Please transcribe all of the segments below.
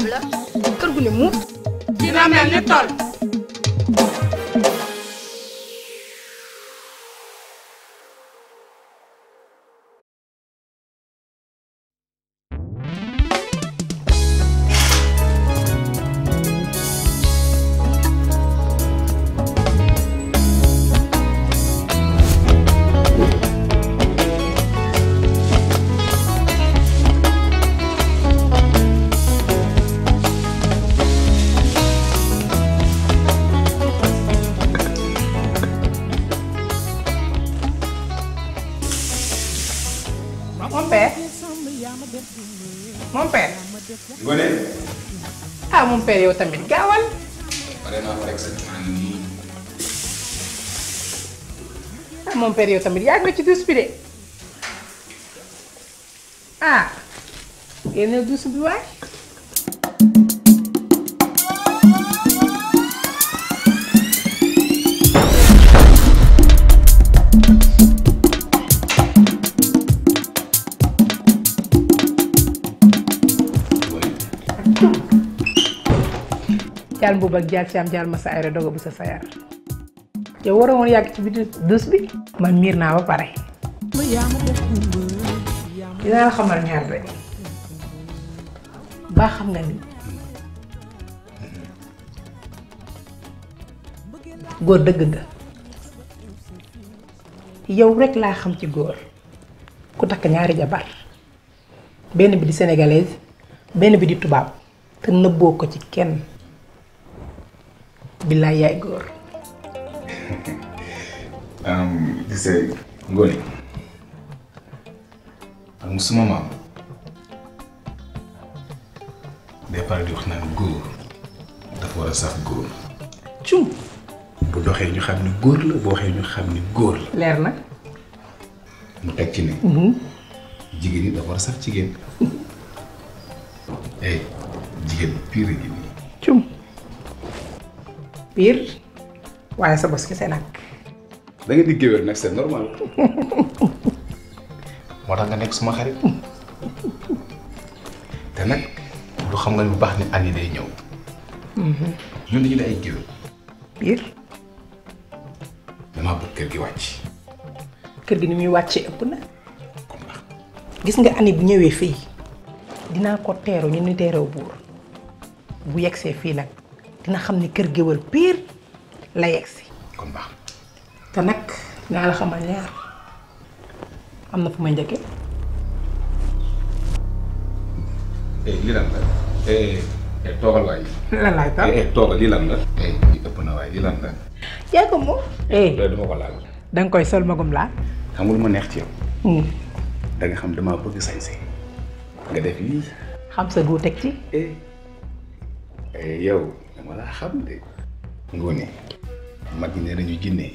i la not gu ne muut. dina mon père. mon père. Ngoné. ah mon père yow tamit gaawal. ah mon père eu também yàgg nga ci dus bi ah ele dus bi waay. jaal bo bak jal siam jal masa ayre dogo sa sayar yow waro won yag ci bidu dus bi man mirna ba pare dina la xamal ñaar be ba xam nga ni goor deug nga yow rek la xam ci goor ku tak ñaari jabar ben bi di sénégalaise ben bi di tubab te nëbboo ko ci kenn Bila ya Igor. um, kise ngoni. Ak musuma maam. Départ di wax naan dapat dafa war a saf góor. Cum. Bu doxee ñu xam ni góor la bu waxee ñu xam ni góor na. Mu teg ci ne. jigéen yi dafa war a jigéen. eh jigéen pire gi. Pir, waaye sa bos kese nag. da di c'est normal. moo tax nga nekk suma xarit. lu xam nga bu baax ni Aliou day hmm ñun dañu ne ay géwél. biir. damaa kër gi wàcc. kër gi ni muy ëpp na. gis nga ani bu ñëwee fii ko ñu ni bu yegsee fii nak dina xam ni kër géwël piir la yegsi kon baax te nag naa la xamal ñaar am na fu may njëkke eh, lii lan la eh, eh, toogal ëpp na waay lii la yaa moom danga koy sol magum laa xamul ma neex ci yow hmm. danga xam damaa bëgg sañse nga def lii xam sa guu ci yow dama laa xam de ngone mag ñi ne nañu jinne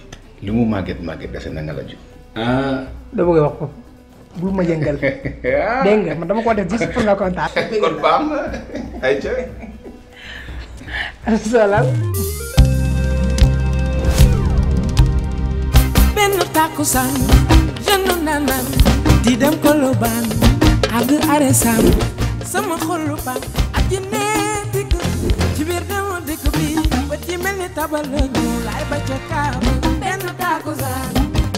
lu mu màgget na nga la ah da bëgg wax ko bu ma yëngal deng nga man dama ko def juste pour nga kontaan kon baax na ay ca asalaam benn takusan jëndu nanan di dem koloban àgg sam sama lu ban ak yeneen digg ci bir dem mel ni tabal la ñu lay ba ca kaam benn takusaan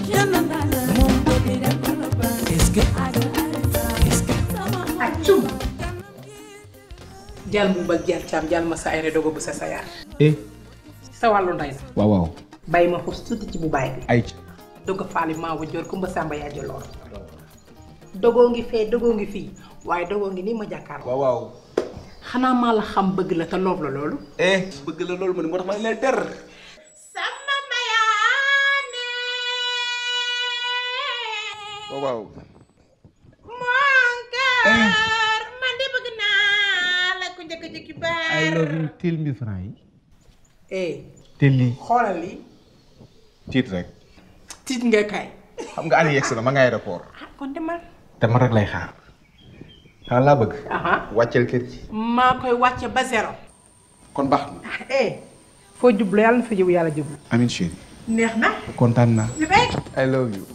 kenn ndala moom ko di dem ba est-ce que est-ce que accu jal mu bal jal cam jal ma sa ay dogo bu sa sayar eh sa walu nday la waaw waaw bay ma xus tuuti ci bu bay bi ay dogo fali ma wu jor kumba samba ya jolor dogo ngi fe dogo ngi fi waye dogo ngi ni ma jakar waaw waaw xanaa maa la xam bëgg la te loob la loolu. Eh, bëgg la loolu man moo tax ma lay der. sama mayaane. Oh, waaw eh. man de bëgg naa la ku njëkk jëkki baar. I love you till mille yi. tiit rek. tiit nga kay. xam nga Aliou yegg na ma ngay rapport. ah kon demal. te rek lay xaar. temps laa bëgg. wàcceel kër gi. maa koy wàcce ba zéro. kon baax na. Eh, foo jublu yàlla na fa jublu yàlla jublu. amiin chérie. neex na. kontaan naa. I love you.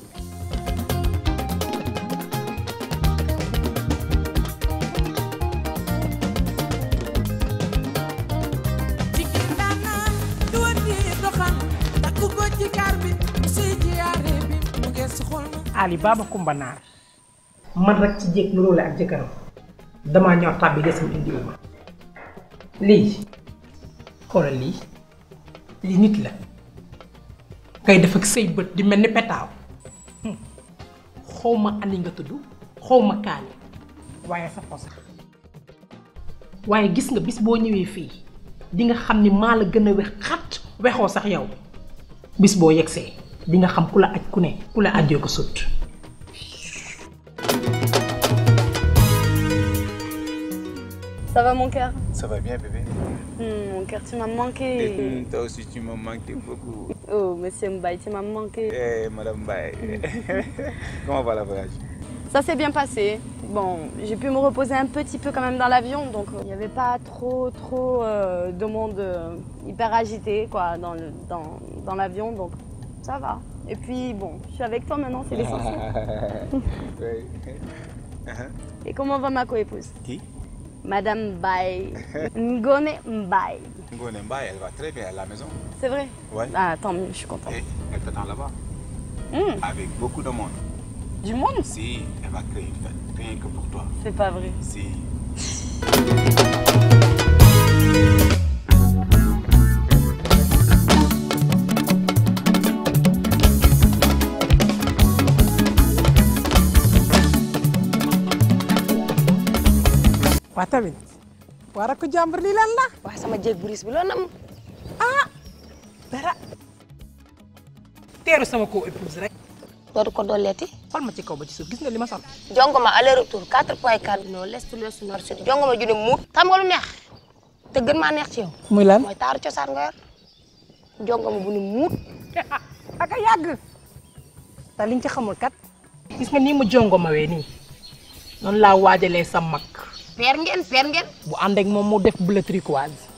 Ali Baba Kumba Naar man rek ci jéeg lu loole ak jëkkëram dama ñor tàbbi desam indiwuma lii xoolal lii lii nit la ngay def ak say bët di mel ni petaaw hmm. xaw ma ani nga tudd xaw ma kaani waaye sa fo sax waaye gis nga bis boo ñëwee fii di nga xam ni maa la gën a wex xat wexoo sax yow bis boo yegsee di nga xam ku la aj ku ne ku la ajjoo ko sut Ça va mon cœur Ça va bien bébé hmm, Mon cœur, tu m'as manqué. toi aussi, tu m'as manqué beaucoup. Oh, monsieur Mbaye, tu m'as manqué. Eh, madame Mbaye. Hmm. Comment va la voyage Ça s'est bien passé. Bon, j'ai pu me reposer un petit peu quand même dans l'avion, donc euh, il n'y avait pas trop, trop euh, de monde euh, hyper agité quoi, dans l'avion, dans, dans donc ça va. Et puis bon, je suis avec toi maintenant, c'est l'essentiel. Uh-huh. Et comment va ma co-épouse Qui Madame Mbaye. Ngone Mbaye. Ngone Mbaye, elle va très bien à la maison. C'est vrai Ouais. Ah, tant mieux, je suis contente. Et elle t'attend là-bas. Hmm. Avec beaucoup de monde. Du monde Si, elle va créer une fête, rien que pour toi. C'est pas vrai. Si. Wata binti. Wara ku jambur lah. Wah sama jeg buris belonam. Ah, bara. Teru sama ko épouse rek. Lor ko doleti. Eh? Fal ma ci kaw ba ci suuf gis nga lima sal jongoma Jongo ma aller 4.4 kan. no l'est l'ouest nord sud. jongoma ma june mu. Xam nga lu neex. Te geun ma neex ci yow. Muy lan? Moy ci sar nga yor. jongoma bu ni mu. ak yag. Ta liñ ci xamul kat. Gis nga ni mu jongoma we ni. Non la wajale sa mak. peer ngeen peer ngeen. bu ànd ak moom moo def bleu turquoise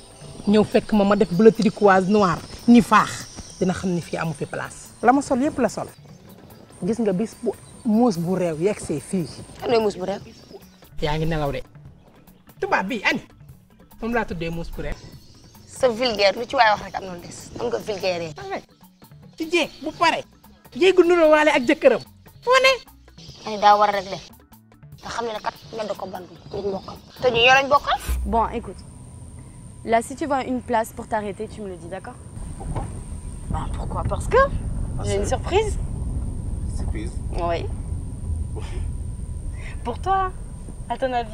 ñëw fekk ma ma def bleu turquoise noir ni faax dina xam ni fii amu fi place. la ma sol yépp la sol gis nga bis bu muus bu réew yegg see fii. kan mooy muus bu réew. yaa ngi nelaw de. bi ani moom laa tuddee muus bu réew. sa vulgaire lu ci waay wax rek am na des am nga vulgaire. Ah ci jeeg bu pare. jéegu nuroo waale ak jëkkëram. fu ne. ani daa war rek de. bon écoute là si tu vois une place pour t'arrêter tu me le dis d'accord pourquoi ben, pourquoi parce que ah, j'ai une surprise surprise oui pour toi à ton avis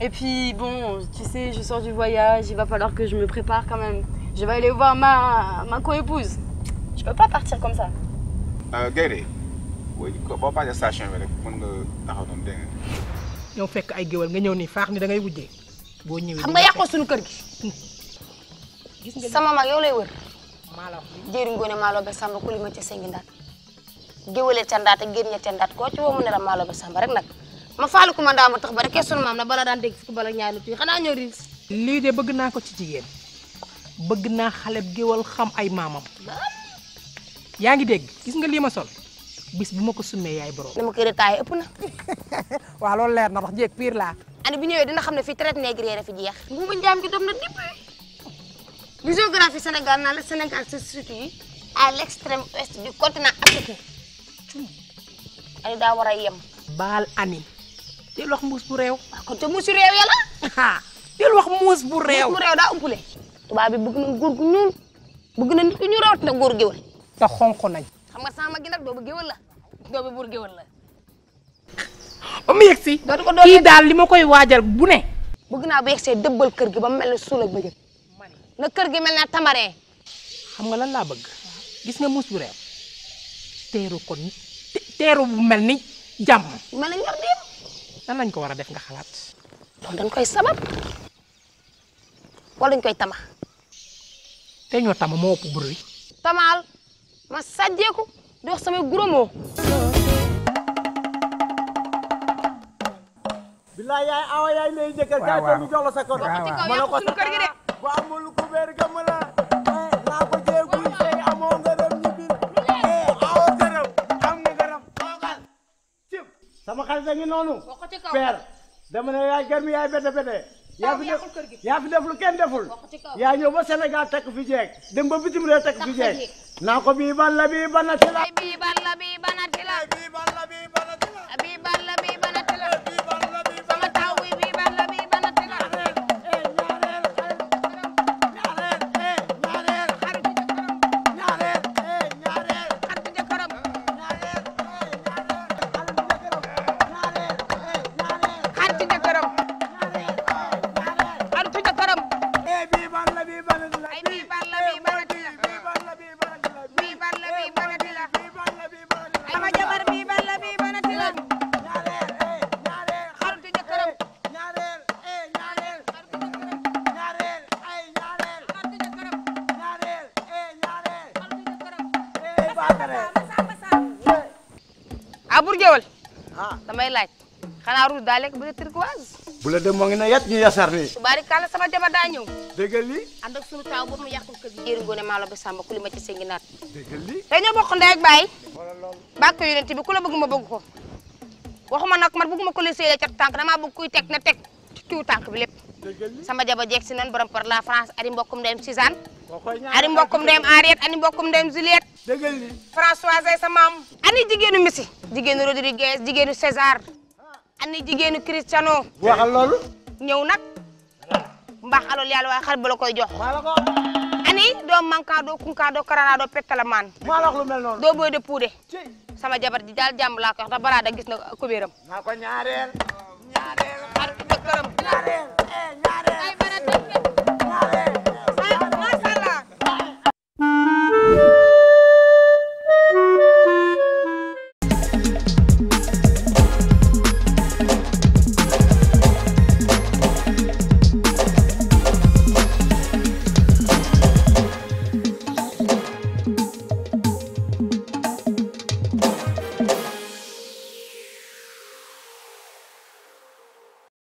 et puis bon tu sais je sors du voyage il va falloir que je me prépare quand même je vais aller voir ma ma co-épouse je peux pas partir comme ça euh, boo boo passé station bi rek mën nga taxaw noonu dégg nga. ñëw fekk ay géwal nga ñëw nii faax ni da ngay wujjee boo ñëwee. xam nga yàqoo suñu kër gi. gis nga sama mag yow lay wër. maa la wax jéeri ngoone maalo be samba ma ca sengi ndaat géwale ca ndaat ak géer ña ca ndaat koo ci woo rek nag ma faali ku ma ndaa ma tax ba rek kee maam na bala daan dégg fukki bala ñaari nit yi xanaa ñoo riis lii de bëgg naa ko ci jigéen bëgg naa xale géwal xam ay maamam yaa ngi dégg gis nga lii ma sol bis bu ma ko summee yaay borom. dama koy retaaye ëpp na. waaw lool leer na wax jéeg pire laa. année bi ñëwee dina xam ne fii traite négrière fi jeex. buuba njaam gi doom na depuis. bisiographie Sénégal naa la Sénégal se situe à l'extrême ouest du daa war a yem. baal amin. del wax muus bu réew. waaw kon te muusu réew ya la. wax muus bu réew. muus bu daa umpule. tubaab bi bëgg na góor gu ñuul bëgg na nit ku ñu rawat na góor gi wala. te xonq nañ. xam sama gi nag doobu géwal la doobu buur géwal la ba mu yegg si kii daal bu ne bëgg bu yegg see kër gi ba mel suul ak bëjëg na kër gi mel ne xam nga lan laa bëgg gis nga muus bu reew ko bu mel lañ ko def nga xalaat dañ koy sabab wala koy tama ñoo tama ma sàjjeeku de wax samay gros mots. bilaay yaay awa yaay lay jëkkër kaay toog ñu jox la sa kër. ku beer gëm la. Eh, laa ko jëlee kuy tey amoo ngërëm ñu biir. Eh, awo sama xarit da ngi noonu. père dama ne yaay gërëm yaay bete bete. yaa ñëw ba Sénégal tekk fi jeeg dem bitim réew tekk fi jeeg. naa ko bii ban la bii ban na ci la. bii ban la bii ban na ci la. harus dalek bu terkuas. bu la dem mo ngi na yat ñu yasar ni bari kala sama dema dañu Degali. Anda and tahu sunu taw bu mu yakku ke jeer ngone bersama be samba ku lima ci sengi nat degal li dañu bokk ndey ak bay bakku yonenti bi ku la bëgg ma bëgg ko waxuma nak man bëgguma ko lessé tek netek, tek ci kebelip. sama jaba jek ci non borom france ari bokum dem suzanne ari mbokum dem ariet, ani mbokum dem juliette Francois saya françoise sa mam ani jigenu messi jigenu rodriguez jigenu césar ani jigéenu Cristiano. waxal loolu. ñëw nag mbaax alol yàlla waaye xar ba la ani doo manka doo kunka doo karana doo pettala maan. doo booy de puude. sama jabar ji daal jàmm laa ko da gis na ñaareel. ñaareel xar dëkkëram ñaareel.